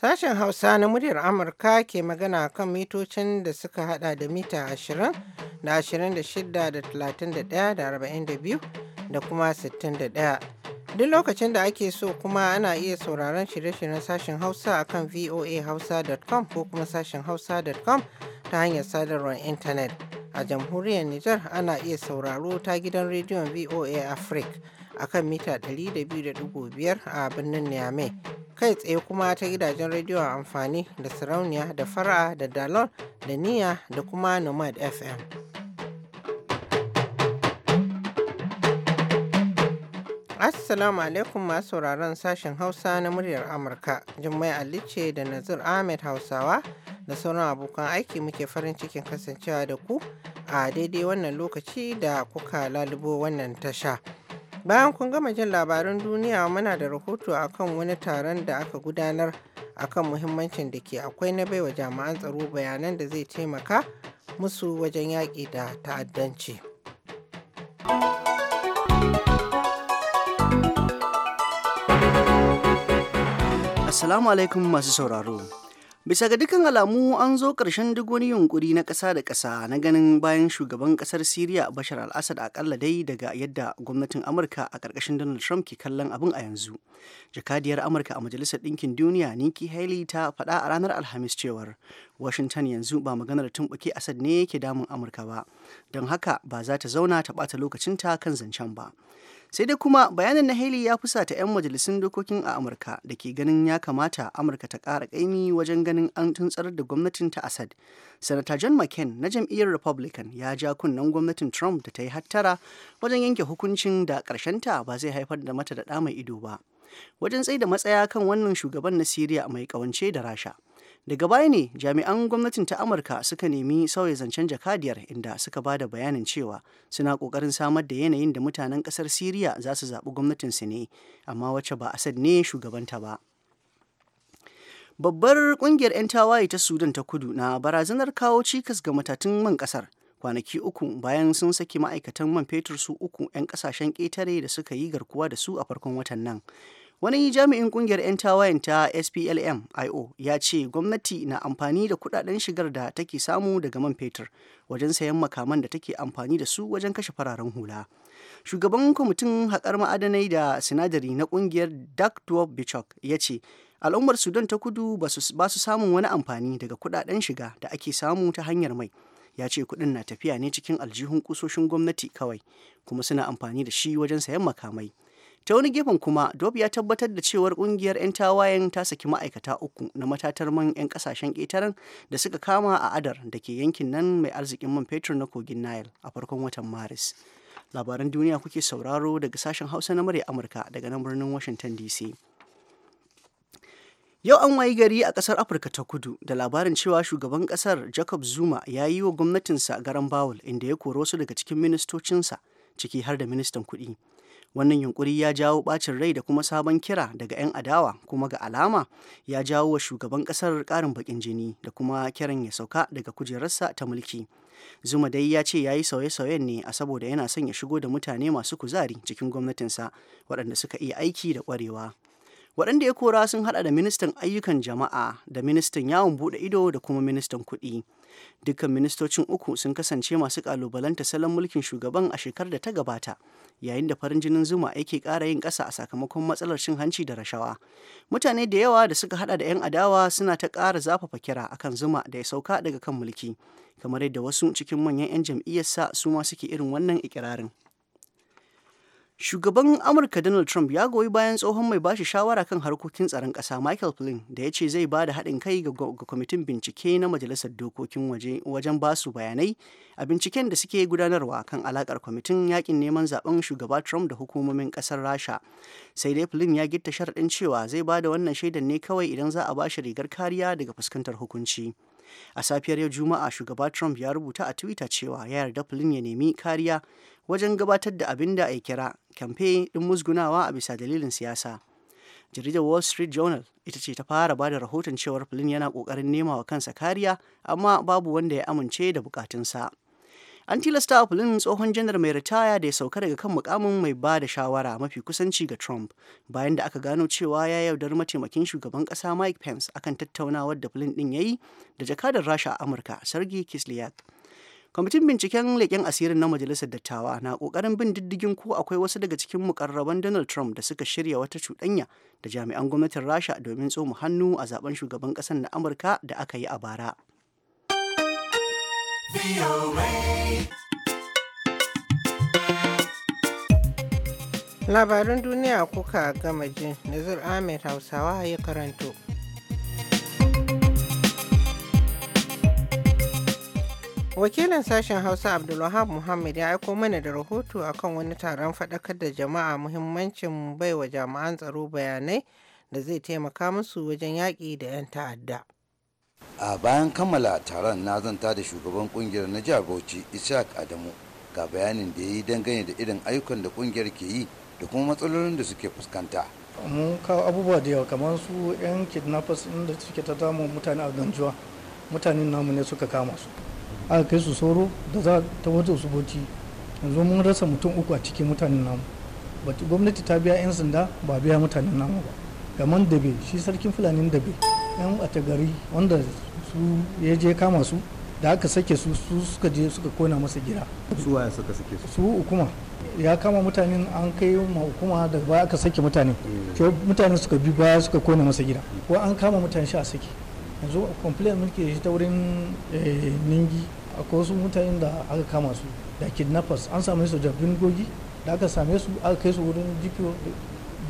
Sashen Hausa na muryar Amurka ke magana kan mitocin da suka hada da mita 20 da 26 da 31 da 42 da kuma 61. Duk lokacin da ake so kuma ana iya sauraron shirye-shiryen sashen Hausa a kan voahausa.com ko kuma sashen hausa.com ta hanyar sadarwar intanet. A jamhuriyar Nijar ana iya sauraro ta gidan rediyon VOA Africa a kan mita 200.5 a birnin Niamey. Kai tsaye kuma ta gidajen rediyon amfani da sarauniya da fara da dalon da niya da kuma nomad FM. Assalamu alaikum masu sauraron sashen Hausa na muryar Amurka. Jummai Ali da Nazir Ahmed Hausawa da sauran abokan aiki muke farin cikin kasancewa da ku a daidai wannan lokaci da kuka lalubo wannan tasha. Bayan kun gama jin labarin duniya muna da rahoto akan wani taron da aka gudanar akan muhimmancin da ke akwai na baiwa jami'an tsaro bayanan da zai taimaka musu wajen yaƙi da ta'addanci. Assalamu alaikum masu sauraro. Bisa ga dukkan alamu an zo ƙarshen duk wani yunkuri na ƙasa da ƙasa na ganin bayan shugaban ƙasar Siriya Bashar al-Assad aƙalla dai daga yadda gwamnatin Amurka a ƙarƙashin Donald Trump ke kallon abin a yanzu. Jakadiyar Amurka a Majalisar Ɗinkin Duniya Nikki Haley ta faɗa a ranar Alhamis cewar Washington yanzu ba maganar tumɓuke Assad ne ke damun Amurka ba, don haka ba za ta zauna ta ɓata lokacinta kan zancen ba. sai dai kuma bayanin na haley ya fusata 'yan majalisun dokokin a amurka da ke ganin ya kamata amurka ta kara ƙaimi wajen ganin an tuntsar da gwamnatin ta assad sanata john mccain na jam'iyyar republican ya ja kunnen gwamnatin trump da ta yi hattara wajen yanke hukuncin da ta ba zai haifar da mata da mai ido ba wajen tsaida matsaya kan wannan shugaban na syria mai kawance da rasha daga baya ne jami'an gwamnatin ta amurka suka nemi sauya zancen jakadiyar inda suka ba da bayanin cewa suna kokarin samar da yanayin da mutanen kasar siriya za su zaɓi su ne amma wacce ba asad ne shugabanta ba babbar kungiyar 'yan tawaye ta sudan ta kudu na barazanar kawo cikas ga matatun man kasar kwanaki uku bayan sun saki ma'aikatan man fetur su uku 'yan kasashen ƙetare da suka yi garkuwa da su a farkon watan nan Wani jami'in kungiyar 'yan tawayen ta SPLM-IO ya ce gwamnati na amfani da kudaden shigar da take samu daga man fetur wajen sayan makaman da take amfani da su wajen kashe fararen hula. Shugaban kwamitin haƙar ma'adanai da sinadari na kungiyar Dark Dwarf Bichok ya ce al'ummar Sudan ta kudu ba su samun wani amfani daga kudaden shiga da ake samu ta hanyar mai. ya ce kuɗin na tafiya ne cikin aljihun kusoshin gwamnati kawai kuma suna amfani da shi wajen sayan makamai ta wani gefen kuma dob ya tabbatar da cewar kungiyar 'yan tawayen ta saki ma'aikata uku na matatar man 'yan kasashen ƙetaren da suka kama a adar da ke yankin nan mai arzikin man fetur na kogin nile a farkon watan maris labaran duniya kuke sauraro daga sashen hausa na murya amurka daga nan birnin washington dc Yau an wayi gari a ƙasar Afirka ta kudu da labarin cewa shugaban ƙasar Jacob Zuma ya yi wa gwamnatinsa garan bawul inda ya kori wasu daga cikin ministocinsa ciki har da ministan kuɗi. wannan yunkuri ya jawo bacin rai da kuma sabon kira daga 'yan adawa kuma ga alama ya jawo wa shugaban kasar karin bakin jini da kuma kiran ya sauka daga kujerarsa ta mulki zuma dai ya ce ya yi sauye-sauyen ne a saboda yana son ya shigo da mutane masu kuzari cikin gwamnatinsa waɗanda suka iya aiki da ƙwarewa waɗanda ya kora sun hada da ministan ayyukan jama'a da ministan yawon buɗe ido da kuma ministan kuɗi dukkan ministocin uku sun kasance masu kalubalanta salon mulkin shugaban a shekarar da ta gabata yayin da farin jinin zuma yake ƙara yin ƙasa a sakamakon matsalar cin hanci da rashawa mutane da yawa da suka hada da 'yan adawa suna ta ƙara zafafa kira akan zuma da ya sauka daga kan mulki kamar yadda wasu cikin manyan 'yan jam'iyyarsa su ma suke irin wannan ikirarin Shugaban Amurka Donald Trump ya goyi bayan tsohon mai bashi shawara kan harkokin tsaron ƙasa Michael Flynn da ya ce zai ba da haɗin kai ga kwamitin bincike na Majalisar Dokokin waje wajen ba su bayanai a binciken da suke gudanarwa kan alakar kwamitin yakin neman zaben shugaba Trump da hukumomin kasar Rasha. Sai dai Flynn ya gitta sharaɗin cewa zai ba da wannan shaidan ne kawai idan za a bashi rigar kariya daga fuskantar hukunci. a safiyar yau juma'a shugaba trump ya rubuta a twitter cewa ya yarda flynn ya nemi kariya wajen gabatar da abin da a kira kamfe ɗin musgunawa a bisa dalilin siyasa. Jaridar Wall Street Journal ita ce ta fara ba da rahoton cewar Flynn yana ƙoƙarin nema wa kansa kariya amma babu wanda ya amince da bukatunsa. An tilasta a Flynn tsohon janar mai ritaya da ya sauka daga kan mukamin mai ba da shawara mafi kusanci ga Trump bayan da aka gano cewa ya yaudar mataimakin shugaban ƙasa Mike Pence akan tattaunawar da Flynn ɗin ya yi da jakadar Rasha a Amurka Sergey Kislyak. kwamitin binciken leƙen asirin na majalisar dattawa na ƙoƙarin bin diddigin ko akwai wasu daga cikin mukarraban donald trump da suka shirya wata cuɗanya da jami'an gwamnatin rasha domin tsoma hannu a zaben shugaban ƙasar na amurka da aka yi a bara labaran duniya kuka gama jin nazar ahmed hausawa ya karanto wakilin sashen hausa abdulwahab muhammad ya aiko mana da rahoto akan wani taron fadakar da jama'a muhimmancin baiwa jami'an tsaro bayanai da zai taimaka musu wajen yaƙi da 'yan ta'adda a bayan kammala taron na zanta da shugaban kungiyar na jihar bauchi isaac adamu ga bayanin da ya yi dangane da irin ayyukan da kungiyar ke yi da kuma matsalolin da suke fuskanta mun kawo abubuwa da yawa kamar su 'yan kidnappers inda suke ta damu mutane a ganjuwa mutanen namu ne suka kama su aka kai su soro da za ta wata boti yanzu mun rasa mutum uku a cikin mutanen namu ba gwamnati ta biya 'yan sanda ba biya mutanen namu ba gaman dabe shi sarkin fulanin dabe yan wata gari wanda su ya je kama su da aka sake su su suka je suka kona masa gida su waya suka sake su su hukuma ya kama mutanen an kai ma hukuma da ba aka sake mutane ke mm. mutane suka bi baya suka kona masa gida ko an kama mutane shi a sake yanzu complain mulki shi ta wurin eh, ningi akwai wasu mutanen da aka kama su da kidnappers an same su da bindigogi da aka same su aka kai su wurin jikiyo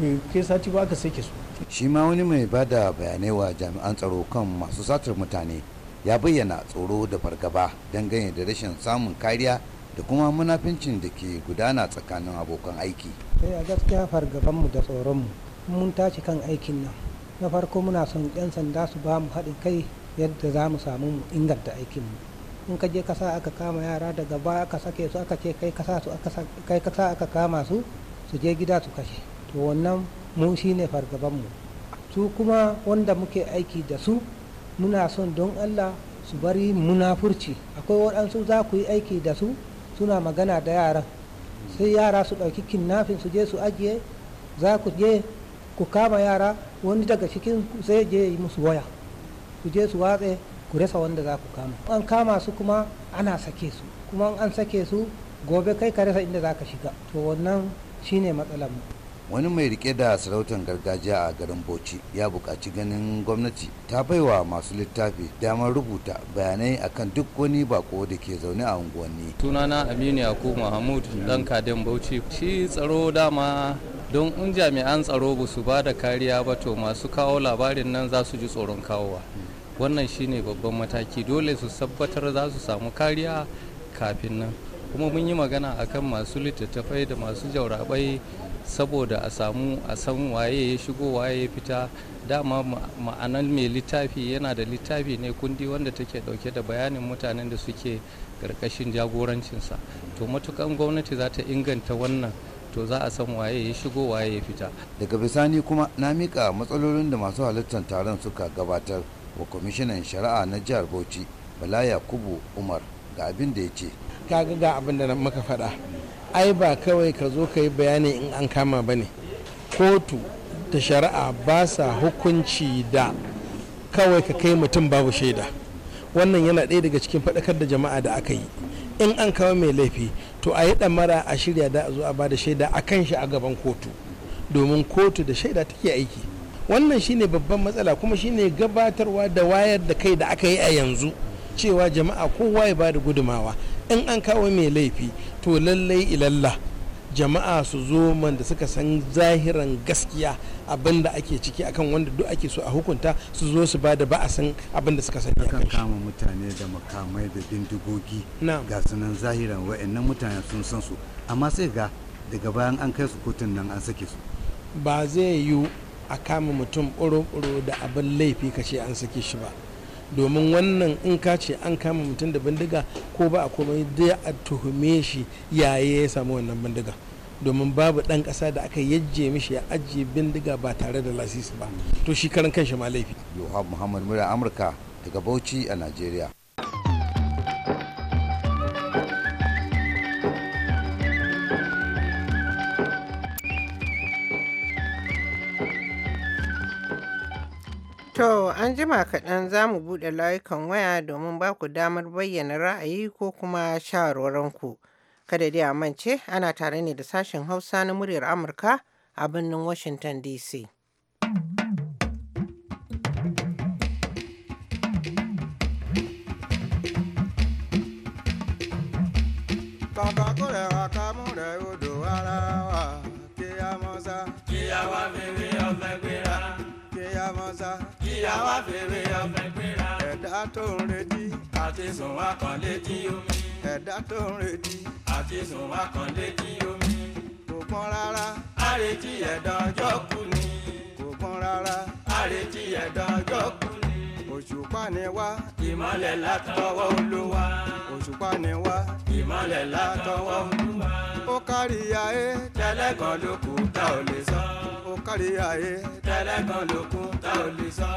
bai kai sati ba aka sake su shi ma wani mai ba da bayanai wa jami'an tsaro kan masu satar mutane ya bayyana tsoro da fargaba ganye da rashin samun kariya da kuma munafincin da ke gudana tsakanin abokan aiki. Eh, a gaskiya mu da tsoron mu mun tashi kan aikin nan na farko muna son 'yan sanda su ba mu haɗin kai yadda za mu samu mu inganta aikin mu. in ka je kasa aka kama yara daga ba aka sake su aka ce kai kasa su aka kama su su je gida su kashe to wannan mu ne fargaban mu su kuma wanda muke aiki da su muna son don Allah su bari munafurci akwai waɗansu za ku yi aiki da su suna magana da yaran sai yara su ɗauki kinnafin su je su ajiye za ku je ku kama yara wani daga cikin sai je yi musu waya su je su watse ku rasa wanda za ku kama an kama su kuma ana sake su kuma an sake su gobe kai ka rasa inda za ka shiga to wannan shine matsalar mu wani mai rike da sarautar gargajiya a garin bauchi ya buƙaci ganin gwamnati ta baiwa masu littafi damar rubuta bayanai akan duk wani bako da ke zaune a unguwanni sunana aminu yaku mahmud dan kadin bauchi shi tsaro dama don in jami'an tsaro ba su ba da kariya ba to masu kawo labarin nan za su ji tsoron kawowa wannan shine babban mataki dole su tabbatar za su samu kariya kafin nan kuma mun yi magana akan masu littattafai da masu jaurabai saboda a samu a san waye ya shigo waye ya fita dama ma'anan mai littafi yana da littafi ne kundi wanda take dauke da bayanin mutanen da suke karkashin jagorancinsa to matukan gwamnati za ta inganta wannan to za a san waye ya shigo waye ya fita daga bisani kuma na mika matsalolin da masu halittar taron suka gabatar wa kwamishinan shari'a na jihar bauchi bala yakubu umar ga abin da ya ce kaga ga abin da muka faɗa ai ba kawai ka zo ka yi bayani in an kama ba ne kotu da shari'a ba sa hukunci da kawai ka kai mutum babu shaida wannan yana ɗaya daga cikin faɗakar da jama'a da aka yi in an kawo mai laifi to a yi ɗamara a shirya da a zo a ba da shaida a kan shi a gaban kotu domin kotu da shaida take aiki wannan shine babban matsala kuma shine gabatarwa da wayar da kai da aka yi a yanzu cewa jama'a kowa ya bada gudumawa in an kawo mai laifi to lallai ilallah jama'a su zo man da suka san zahiran gaskiya abin da ake ciki akan wanda duk ake so a hukunta su zo su ba da ba'asin abin da suka sani kan kama mutane da makamai da bindigogi ga sunan zahiran wa'annan mutane sun san su amma sai ga daga bayan an kai su kotun nan an sake su ba zai yiwu a kama mutum ɓuro-ɓuro da abin laifi ka ce an sake shi ba domin wannan in ka ce an kama mutum da bindiga ko ba a komai da a tuhume shi yaye ya samu wannan bindiga domin babu ɗan ƙasa da aka yajje mishi ya ajiye bindiga ba tare da lasisi ba to shi karan kanshi ma laifi yohan muhammad mura amurka daga bauchi a najeriya an jima kaɗan za mu buɗe layukan waya domin ba ku damar bayyana ra'ayi ko kuma shawarwarinku. Kada dai a mance ana tare ne da sashen Hausa na muryar Amurka a birnin Washington DC. Yeah. bí àwa fèrè ọ̀fẹ́ gbéra. ẹ̀dá tó ń retí. àti sùn wá kàn létí omi. ẹ̀dá tó ń retí. àti sùn wá kàn létí omi. kò pọn rárá. àrètí ẹ̀dá ọjọ́ kù ni. kò pọn rárá. àrètí ẹ̀dá ọjọ́ kù ni òṣùpá ni wá ìmọ̀lẹ̀ látọwọ́ olúwa òṣùpá ni wá ìmọ̀lẹ̀ látọwọ́ olúwa ó kárí ayé tẹ́lẹ̀kan ló kù tá ò lè sọ ó kárí ayé tẹ́lẹ̀kan ló kù tá ò lè sọ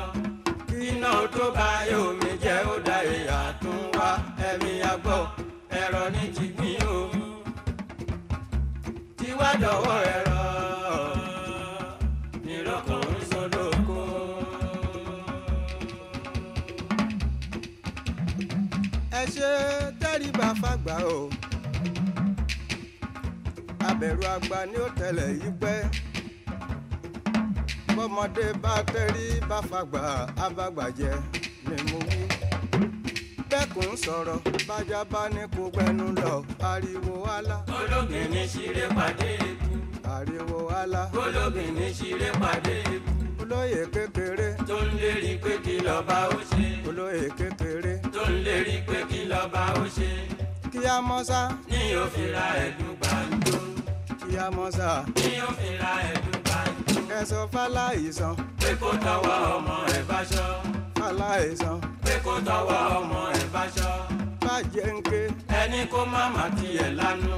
kí iná tó bá omi jẹ́ ó dá ìyá tún wá ẹ̀mí àgbọ̀ ẹ̀rọ ní ti gbìn tiwádọ̀wọ́ ẹ̀. tẹríba fàgbà o abẹ̀rù àgbà ni ó tẹ̀lẹ̀ yí pẹ́ bọ́mọdé bá tẹríba fàgbà abàgbàjẹ́ ni mo wí bẹ́kùn sọ̀rọ̀ bájá bá ní kó gbẹnu lọ ariwo ala. ológin ní ṣeré pàdé ikú. ariwo ala. ológin ní ṣeré pàdé ikú olóyè kékeré. tó ń lérí pé kí lọ́ba ó ṣe. olóyè kékeré. tó ń lérí pé kí lọ́ba ó ṣe. kí a mọ̀ sá. ní òfin ra ẹ̀dùn gbàǹjo. kí a mọ̀ sá. ní òfin ra ẹ̀dùn gbàǹjo. kẹsọ fáláìsàn. pé kó tọwọ́ ọmọ ẹ̀ bá ṣọ. fáláìsàn. pé kó tọwọ́ ọmọ ẹ̀ bá ṣọ. fàjẹ̀ǹkẹ́. ẹni kó má má tiẹ̀ lánú.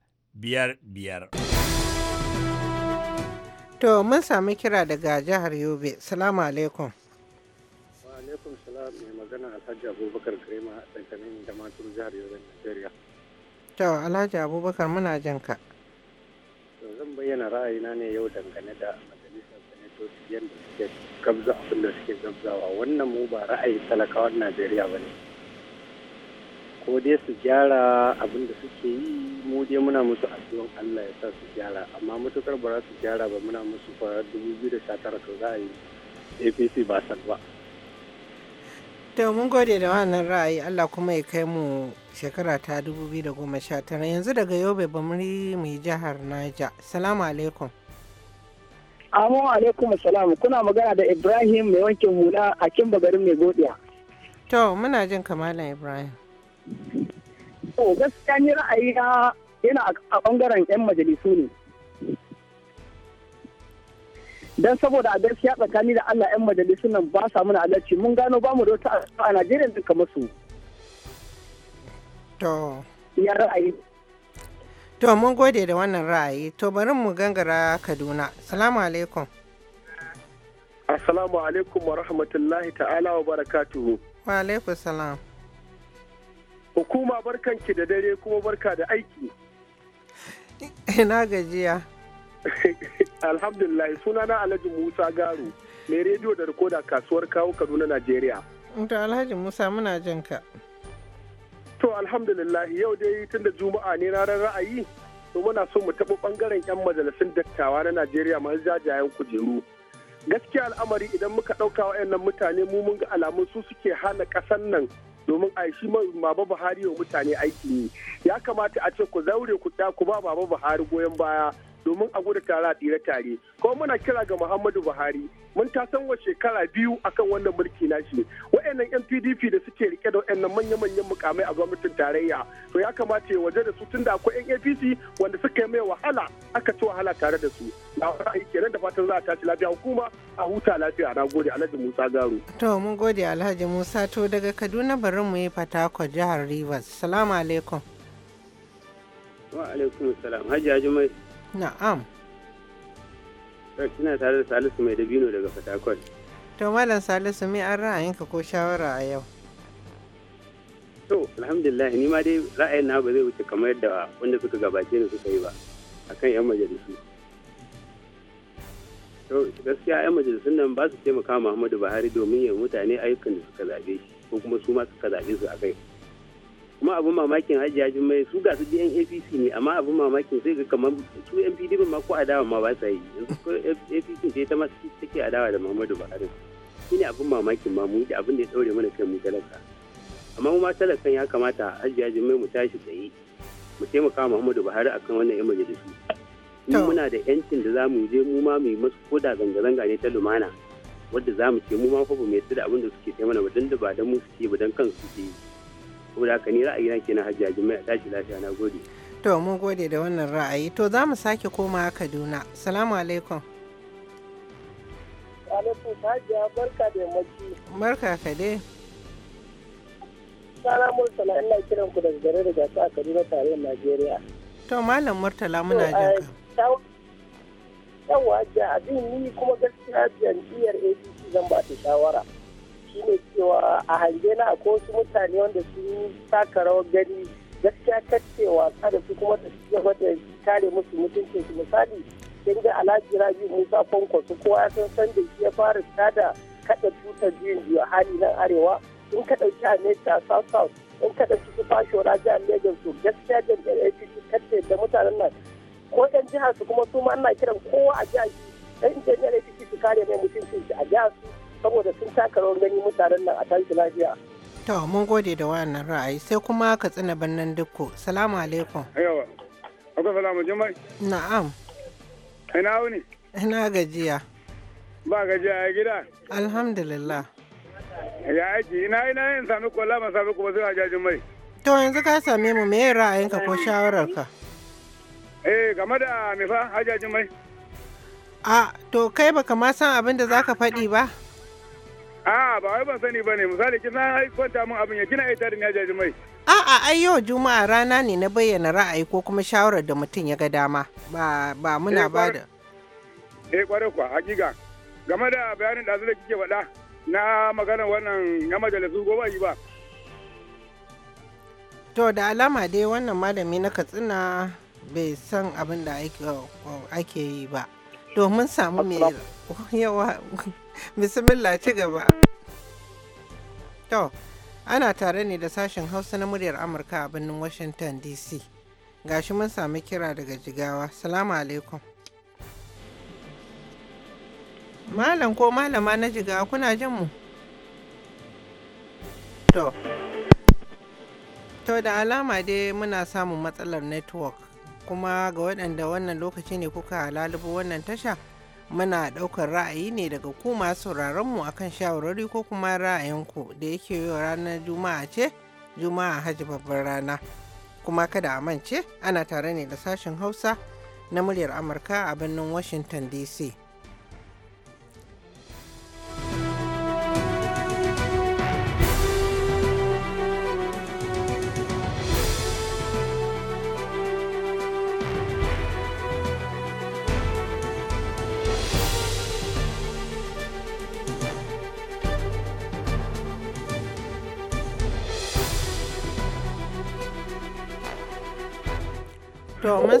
biyar biyar. To mun sami kira daga jihar Yobe. Salamu alaikum. Wa alaikum salam mai magana Alhaji Abubakar Kirema tsakanin da jihar Yobe Nigeria. To Alhaji Abubakar muna jin ka. To zan bayyana ra'ayina ne yau dangane da majalisar sanatoci yadda suke gabza, abin da suke gabzawa. wannan mu ba ra'ayi talakawan Najeriya ba ne. ko dai su gyara abin da suke yi mu dai muna musu addu'an Allah ya sa su gyara amma mutukar ba za su gyara ba muna musu farar 2019 to za a yi APC ba san ba. To mun gode da wannan ra'ayi Allah kuma ya kai mu shekara ta 2019 yanzu daga Yobe mu yi jihar Naija. Salamu alaikum. Amu alaikum salam kuna magana da Ibrahim mai wankin hula a Kimba garin mai godiya. To muna jin kamalan Ibrahim. To gaskiya ni ra'ayi na yana a ɓangaren 'yan majalisu ne. don saboda a gaskiya tsakani da Allah 'yan majalisu nan ba sa muna halarci mun gano ba mu da wata a Najeriya kamar su. To. Ya ra'ayi. To mun gode da wannan ra'ayi. To bari mu gangara Kaduna. Salamu alaikum. Assalamu alaikum wa rahmatullahi ta'ala wa barakatuhu. Wa alaikum salam. Hukuma barkanki da dare kuma barka da aiki. Ina gajiya. Alhamdulillah sunana Alhaji Musa Garu, mai rediyo da rikoda kasuwar kawo Kaduna, Najeriya. Da Alhaji Musa muna jin ka. To alhamdulillah yau dai tun da Juma'a ne ranar ra'ayi, to muna so mu taɓa ɓangaren 'yan majalisun dattawa na Najeriya masu jajayen kujeru. Gaskiya al'amari idan muka ɗauka wa'annan mutane mu mun ga alamun su suke hana ƙasar nan domin a shi baba buhari wa mutane aiki ne ya kamata a ce ku zaure ku ta ku ba baba buhari goyon baya domin a gudu tare a tsira tare ko muna kira ga muhammadu buhari mun ta san wa shekara biyu akan wannan mulki shi shi yan pdp da suke rike da wayannan manya-manyan mukamai a gwamnatin tarayya to ya kamata ya waje da su tun da akwai yan apc wanda suka yi mai wahala aka ci wahala tare da su na ra'ayi kenan da fatan za a tashi lafiya hukuma a huta lafiya na gode alhaji musa garu. to mun gode alhaji musa to daga kaduna barin mu yi fatakon jihar rivers salamu alaikum wa alaikum salam hajji mai Na'am. Eh, kina tare da Salisu mai dabino daga Fatakwal. To Malam Salisu mai an ra'ayinka ko shawara a yau? To alhamdulillah ni ma dai ra'ayin na ba zai wuce kamar yadda wanda suka gabace ni suka yi ba akan 'yan majalisu. To gaskiya 'yan majalisun nan ba su taimaka Muhammadu Buhari domin ya mutane ayyukan da suka zaɓe shi ko kuma su ma suka zaɓe su a kai. kuma abin mamakin hajiya mai su ga su yan apc ne amma abin mamakin sai ga kamar su yan pdp ma ko adawa ma ba sa yi apc ce ta masu take adawa da muhammadu buhari shi ne abin mamakin ma mu abin da ya daure mana kai mu talaka amma mu ma talakan ya kamata hajiya mai mu tashi tsaye mu taimaka muhammadu buhari akan wannan yan majalisu mu muna da yancin da za mu je mu ma mu yi masu koda zanga-zanga ne ta lumana wadda za mu ce mu ma fa ba mu yadda da abin da suke taimana ba don da ba don mu suke ba don kansu suke yi saboda haka ni ra'ayina kenan hajji jimai a tashi lafiya na gode to mun gode da wannan ra'ayi to za mu sake koma kaduna salamu alaikum alaikum hajiya barka da yammaci barka ka dai Sara Murtala ina kiran ku daga gare da gasa a Kaduna tarayyar Najeriya. To Malam Murtala muna jin ka. Yawwa abin ni kuma gaskiya jam'iyyar APC zan ba ta shawara. ne cewa a hange na akwai wasu mutane wanda sun saka rawar gani gaskiya ta wasa da su kuma shiga su kare musu mutuncin su misali sun ga alhaji rabi musa su kowa ya san san da shi ya fara tada kada tutar juyin juya hali nan arewa in ka ɗauki america south south in ka ɗauki su wa raja lagos su gaskiya jam'iyyar apc kacce da mutanen nan ko yan jihar su kuma su ma ana kiran kowa a jihar dan jam'iyyar apc su kare mai mutuncin shi a jihar su saboda sun taka rawar gani mutanen nan a tashi lafiya to mun gode da wannan ra'ayi sai kuma ka tsina bannan dukku. salamu alaikum yawa akwai salamu jimai na'am ina wuni ina gajiya ba gajiya a gida alhamdulillah ya aiki ina ina yin sami kola ban sami kuma sai a mai to yanzu ka same mu me ra'ayinka ko shawararka eh game da me fa hajjajin mai a to kai baka ma san abin da zaka faɗi ba A'a ba wai ban sani ne. misali kina ai kwanta mun abin ya kina ai tarin ya mai. A'a ai yau Juma'a rana ne na bayyana ra'ayi ko kuma shawarar da mutum ya ga dama ba ba muna eh, ba da. Eh kware kwa hakika game da bayanin da zai kike faɗa na maganar wannan ya majalisu ko ba yi ba. To da alama dai wannan malami na Katsina bai san abin da ake yi ba. To mun samu mai yawa bismillah ci gaba to ana tare ne da sashen hausa na muryar amurka a birnin washington dc gashi mun sami kira daga jigawa salamu alaikum malam ko malama na jigawa kuna jin mu to to da alama dai muna samun matsalar network kuma ga waɗanda wannan lokaci ne kuka lalubo wannan tasha muna ɗaukar ra'ayi ne daga ku masu mu akan shawarwari ko kuma ra'ayinku da yake yi ranar juma'a ce juma'a hajji babbar rana kuma kada a mance ana tare ne da sashen hausa na muryar amurka a birnin washington dc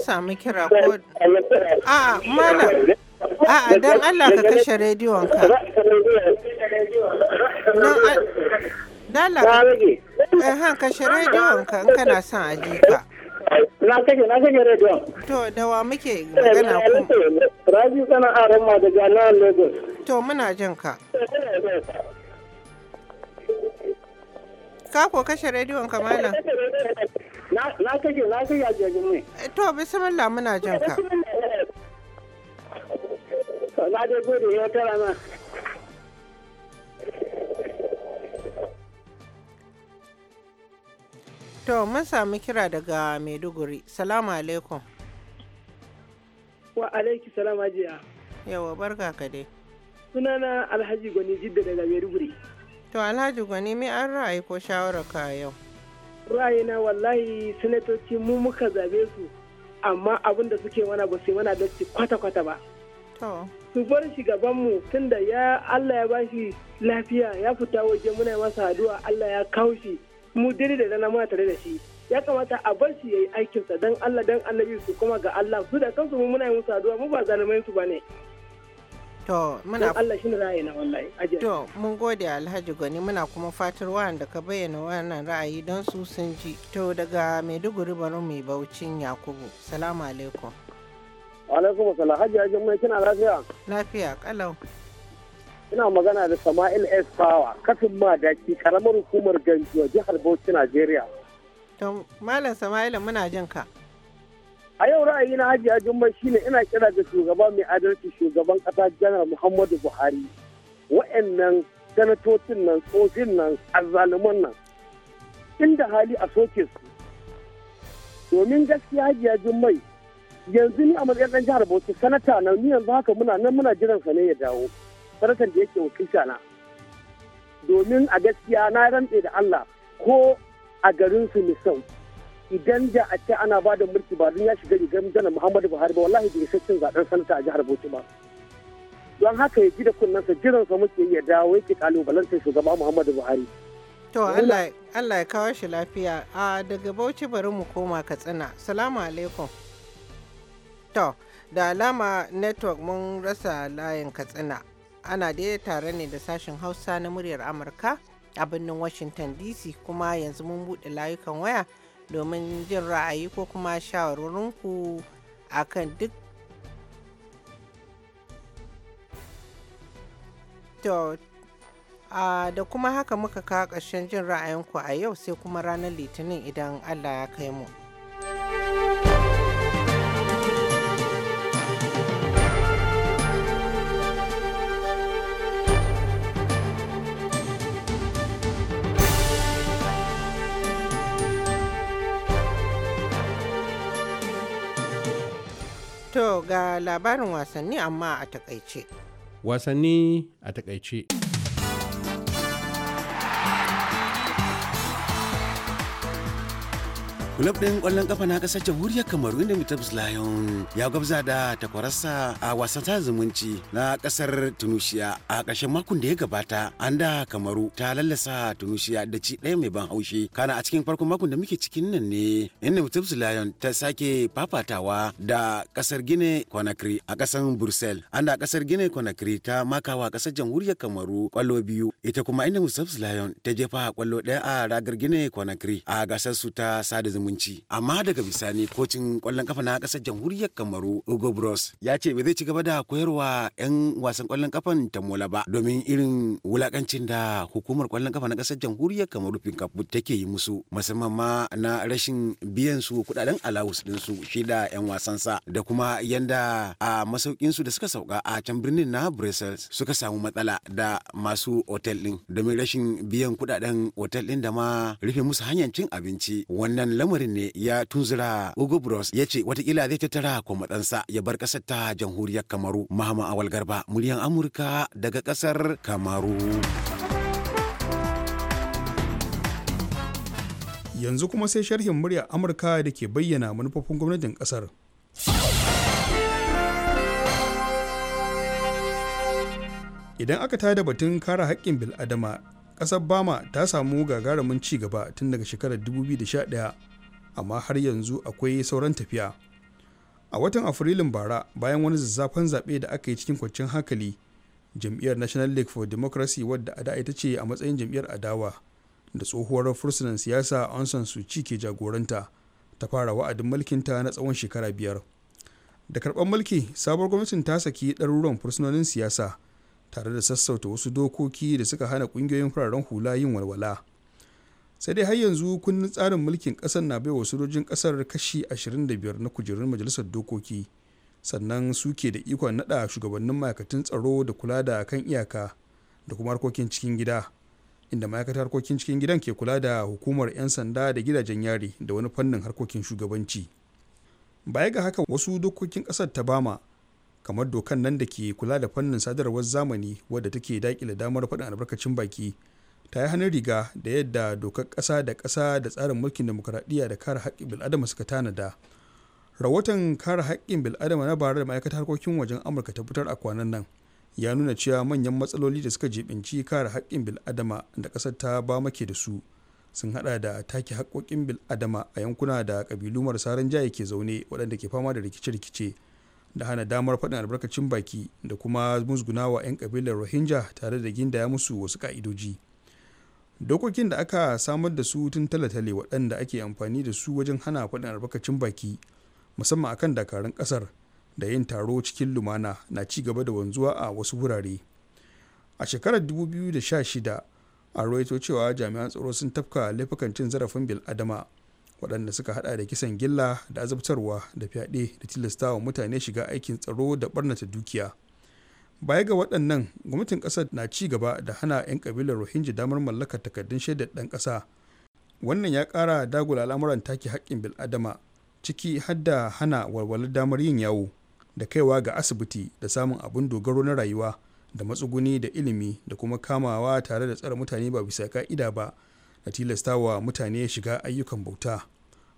sami kira ko a mana a a dan Allah ka kashe rediyon ka dan Allah ka eh kashe rediyon ka in kana son a ji ka na kashe na kashe rediyon to da wa muke magana ku Rabi kana aron ma daga nan Lagos to muna jin ka ka ko kashe rediyon ka malam na kage na kage a jirgin mu. Eh, to bismillah muna jin ka na dai gode yau tara na To mun sami kira daga Maiduguri. Salamu alaikum. Wa alaiki salama jiya. Yawa barka ka dai. Sunana Alhaji Gwani Jidda daga Maiduguri. To Alhaji Gwani mai an ra'ayi ko shawarar ka yau? ra'ayina wallahi sanatoci mu muka zabe su amma abin da suke mana ba sai mana dasti kwata-kwata ba su bar shugabanmu tunda ya Allah ya bashi lafiya ya fita waje muna masa addu'a Allah ya kawo shi mu dare da rana muna tare da shi ya kamata a bar shi yayi aikinsa dan Allah dan annabi su kuma ga Allah su da kansu mu muna yi musu addu'a mu ba zalimai su ne. To muna Allah shi ra'ayi wallahi. To mun gode Alhaji Gwani muna kuma fatar wanda ka bayyana wannan ra'ayi don su sun ji. To daga Maiduguri bari mu Baucin Yakubu. Salamu alaikum. Wa Alaikum salam Haji mai kina lafiya? Lafiya kalau. Ina magana da Sama'il S Power, kafin ma daki karamar hukumar Ganjuwa jihar Bauchi Najeriya. To Malam Sama'il muna jin ka. a yau ra'ayi na hajiya jummai shine ina kira ga shugaba mai adalci shugaban kasa janar muhammadu buhari wa'annan sanatocin nan tsofin nan azzaluman nan inda hali a soke su domin gaskiya hajiya jummai yanzu ni a matsayin dan jihar bauchi sanata na ni yanzu haka muna nan muna jiran sa ne ya dawo sanatan da yake wakilta na domin a gaskiya na rantse da allah ko a garin su misau idan da a ce ana ba da mulki ba don ya shiga rigar jana muhammadu buhari ba wallahi bai isassun zaɓen sanata a jihar bauchi ba don haka ya ji da kunnensa jiransa muke ya dawo yake kalubalantar shugaba muhammadu buhari to allah ya kawo shi lafiya a daga bauchi bari mu koma katsina salamu alaikum to da alama network mun rasa layin katsina ana dai tare ne da sashen hausa na muryar amurka a birnin washington dc kuma yanzu mun buɗe layukan waya domin jin ra'ayi ko kuma shawarwarinku a kan duk da kuma haka muka kawo ƙarshen jin ra'ayinku a yau sai kuma ranar litinin idan allah ya kai mu. To ga labarin wasanni amma a takaice. Wasanni a takaice. Kulab ɗin ƙwallon ƙafa na ƙasar jamhuriyar Kamaru inda Mitabs Lion ya gwabza da takwararsa a wasan ta zumunci na ƙasar Tunisia a ƙarshen makon da ya gabata an da Kamaru ta lallasa Tunisia da ci ɗaya mai ban haushi. Kana a cikin farkon makon da muke cikin nan ne inda Mitabs Lion ta sake fafatawa da ƙasar Gine Conakry a ƙasar Brussels. An da ƙasar Gine Conakry ta makawa ƙasar jamhuriyar Kamaru ƙwallo biyu ita kuma inda Mitabs Lion ta jefa ƙwallo ɗaya a ragar Gine Conakry a gasar su ta sada zumunci. zumunci amma daga bisani kocin kwallon kafa na kasar jamhuriyar kamaru ugo bros ya ce ba zai ci gaba da koyarwa 'yan wasan kwallon kafan tamola ba domin irin wulakancin da hukumar kwallon kafa na kasar jamhuriyar kamaru finkaf take yi musu musamman ma na rashin biyan su kudaden alawus din su shi da 'yan wasansa da kuma yanda a masaukin su da suka sauka a can birnin na brussels suka samu matsala da masu otel din domin rashin biyan kudaden otel din da ma rufe musu hanyar cin abinci wannan lamu. lamarin ne ya tunzura ugo Bros ya ce watakila zai tattara kuma ɗansa ya bar ƙasar ta jamhuriyar Kamaru. Mahama Awal Garba, muryan Amurka daga ƙasar Kamaru. yanzu kuma sai sharhin muryar amurka da ke bayyana manufofin gwamnatin ƙasar. idan aka da batun kara haƙƙin bil'adama ƙasar bama ta samu gagarumin ci gaba tun daga shekarar 2011 amma har yanzu akwai sauran tafiya a watan afrilun bara bayan wani zazzafan zaɓe da aka yi cikin kwancin hankali jam'iyyar national league for democracy wadda a da ita ce a matsayin jam'iyyar adawa da tsohuwar fursunan siyasa ansan suci ke jagoranta ta fara wa'adin mulkinta na tsawon shekara biyar da karɓar mulki sabuwar gwamnatin ta saki ɗaruruwan fursunonin siyasa tare da sassauta wasu dokoki da suka hana ƙungiyoyin fararen hula yin walwala sai dai har yanzu kundin tsarin mulkin kasar na baiwa sojojin kasar kashi 25 na kujerun majalisar dokoki sannan suke da ikon nada shugabannin ma'aikatan tsaro da kula da kan iyaka da kuma harkokin cikin gida inda ma'aikatar harkokin cikin gidan ke kula da hukumar 'yan sanda da gidajen yari da wani fannin harkokin shugabanci baya ga haka wasu dokokin kasar ta bama kamar dokan nan da ke kula da fannin sadarwar zamani wadda take dakile damar faɗin albarkacin baki ta yi hannun riga da yadda dokar ƙasa da ƙasa da tsarin mulkin demokuraɗiyya da kare haƙƙin bil'adama suka tanada rahoton kare haƙƙin bil'adama na bara da ma'aikatar harkokin wajen amurka ta fitar a kwanan nan ya nuna cewa manyan matsaloli da suka jibinci kare haƙƙin bil'adama da ƙasar ta ba make da su sun haɗa da take haƙƙoƙin bil'adama a yankuna da ƙabilu marasa ya ke zaune waɗanda ke fama da rikice-rikice da hana damar faɗin albarkacin baki da kuma musgunawa 'yan ƙabilar rohingya tare da gindaya musu wasu ƙa'idoji. dokokin da aka samar da su tun talatale waɗanda ake amfani da su wajen hana faɗin albarkacin baki musamman kan dakarun ƙasar da yin taro cikin lumana na ci gaba da wanzuwa a wasu wurare a shekarar 2016 a rawaito cewa jami'an tsaro sun tafka laifukan cin zarafin bil adama waɗanda suka hada da kisan gilla da azabtarwa da fyaɗe da tilastawa mutane shiga aikin tsaro da ɓarnata dukiya baya ga waɗannan gwamnatin ƙasar na ci gaba da hana 'yan kabilar rohingya damar mallakar takardun shaidar ɗan ƙasa wannan ya ƙara dagula al'amuran take haƙƙin bil'adama ciki hadda hana walwalar damar yin yawo da kaiwa ga asibiti da samun abin dogaro na rayuwa da matsuguni da ilimi da kuma kamawa tare da tsare mutane ba bisa ka'ida ba da tilastawa mutane shiga ayyukan bauta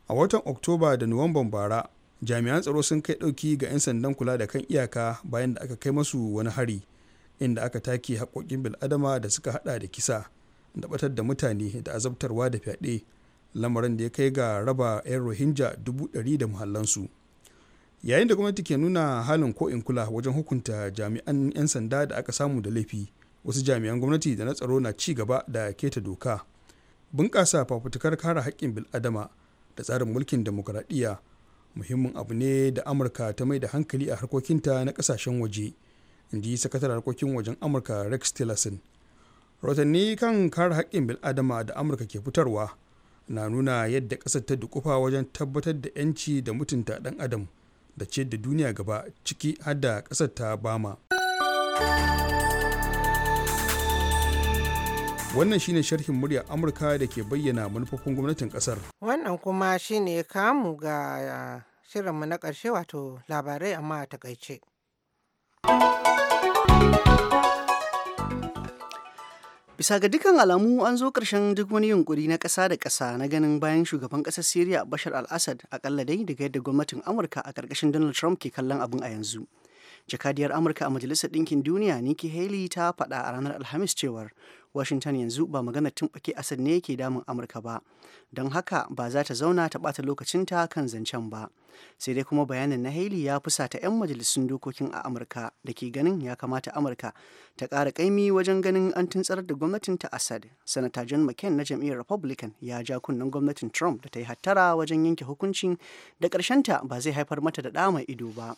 a watan oktoba da nuwamban bara jami'an tsaro sun kai ɗauki ga 'yan sandan kula da kan iyaka bayan da aka kai masu wani hari inda aka take haƙoƙin bil'adama da suka hada da kisa da batar da mutane da azabtarwa da fyaɗe lamarin da ya kai ga raba 'yan rohingya dubu ɗari da muhallansu yayin da gwamnati ke nuna halin ko in kula wajen hukunta jami'an 'yan sanda da aka samu da laifi wasu jami'an gwamnati da na tsaro na ci gaba da keta doka bunƙasa fafutukar kare haƙƙin bil'adama da tsarin mulkin demokuraɗiyya muhimmin abu ne da amurka ta mai da hankali a harkokinta na kasashen waje inji sakatar harkokin wajen amurka rex tillerson rotanni kan kare haƙƙin bil'adama da amurka ke fitarwa na nuna yadda ƙasar ta dukufa wajen tabbatar da 'yanci da mutunta ɗan adam da ce da duniya gaba ciki har ƙasar ta bama Wannan shine sharhin murya Amurka da ke bayyana manufofin gwamnatin kasar. Wannan kuma shine kamu ga shirinmu na karshe wato labarai amma a takaice. Bisa ga dukkan alamu an zo ƙarshen duk wani yunkuri na ƙasa da ƙasa na ganin bayan shugaban ƙasar Siriya Bashar al-Assad akalla dai daga yadda gwamnatin Amurka a ƙarƙashin Donald Trump ke kallon abin a yanzu. jakadiyar amurka a majalisar ɗinkin duniya nikki haley ta faɗa a ranar alhamis cewar washington yanzu ba magana tumɓake asad ne ke damun amurka ba don haka ba za ta zauna ta ɓata lokacinta kan zancen ba sai dai kuma bayanin na haley ya fusata 'yan majalisun dokokin a amurka da ke ganin ya kamata amurka ta ƙara ƙaimi wajen ganin an tuntsar da gwamnatin ta assad sanata john mccain na jam'iyyar republican ya ja kunnen gwamnatin trump da ta yi hattara wajen yanke hukuncin da ƙarshenta ba zai haifar mata da ɗa mai ido ba.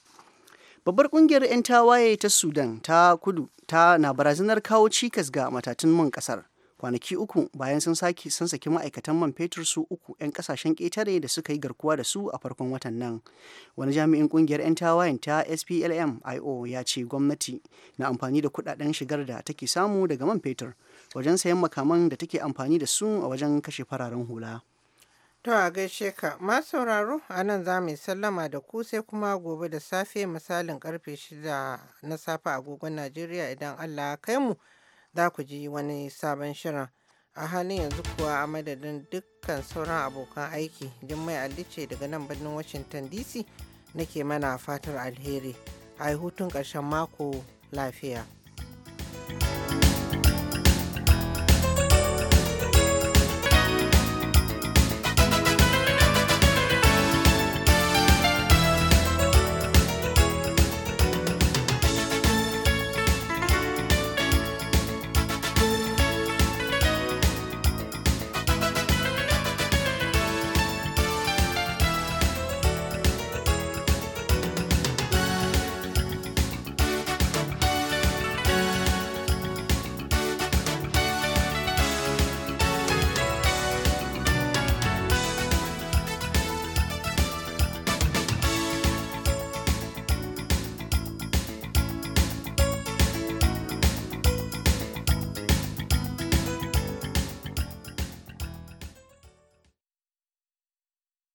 babbar kungiyar 'yan tawaye ta sudan ta kudu ta na barazanar kawo cikas ga matatun man kasar kwanaki uku bayan sun saki sun saki ma'aikatan man fetur su uku 'yan kasashen ƙetare da suka yi garkuwa da su a farkon watan nan wani jami'in kungiyar 'yan tawayen ta splm io ya ce gwamnati na amfani da kudaden shigar da take samu daga man fetur wajen sayan makaman da take amfani da su a wajen kashe fararen hula To a gaishe ka, ma sauraro a nan za mu sallama da ku sai kuma gobe da safe misalin karfe shida na safe agogon Najeriya idan Allah ya kai mu za ku ji wani sabon shirin. A halin yanzu kuwa a madadin dukkan sauran abokan aiki, Jummai mai ce daga nan birnin Washington DC nake mana fatar alheri. A hutun ƙarshen mako lafiya.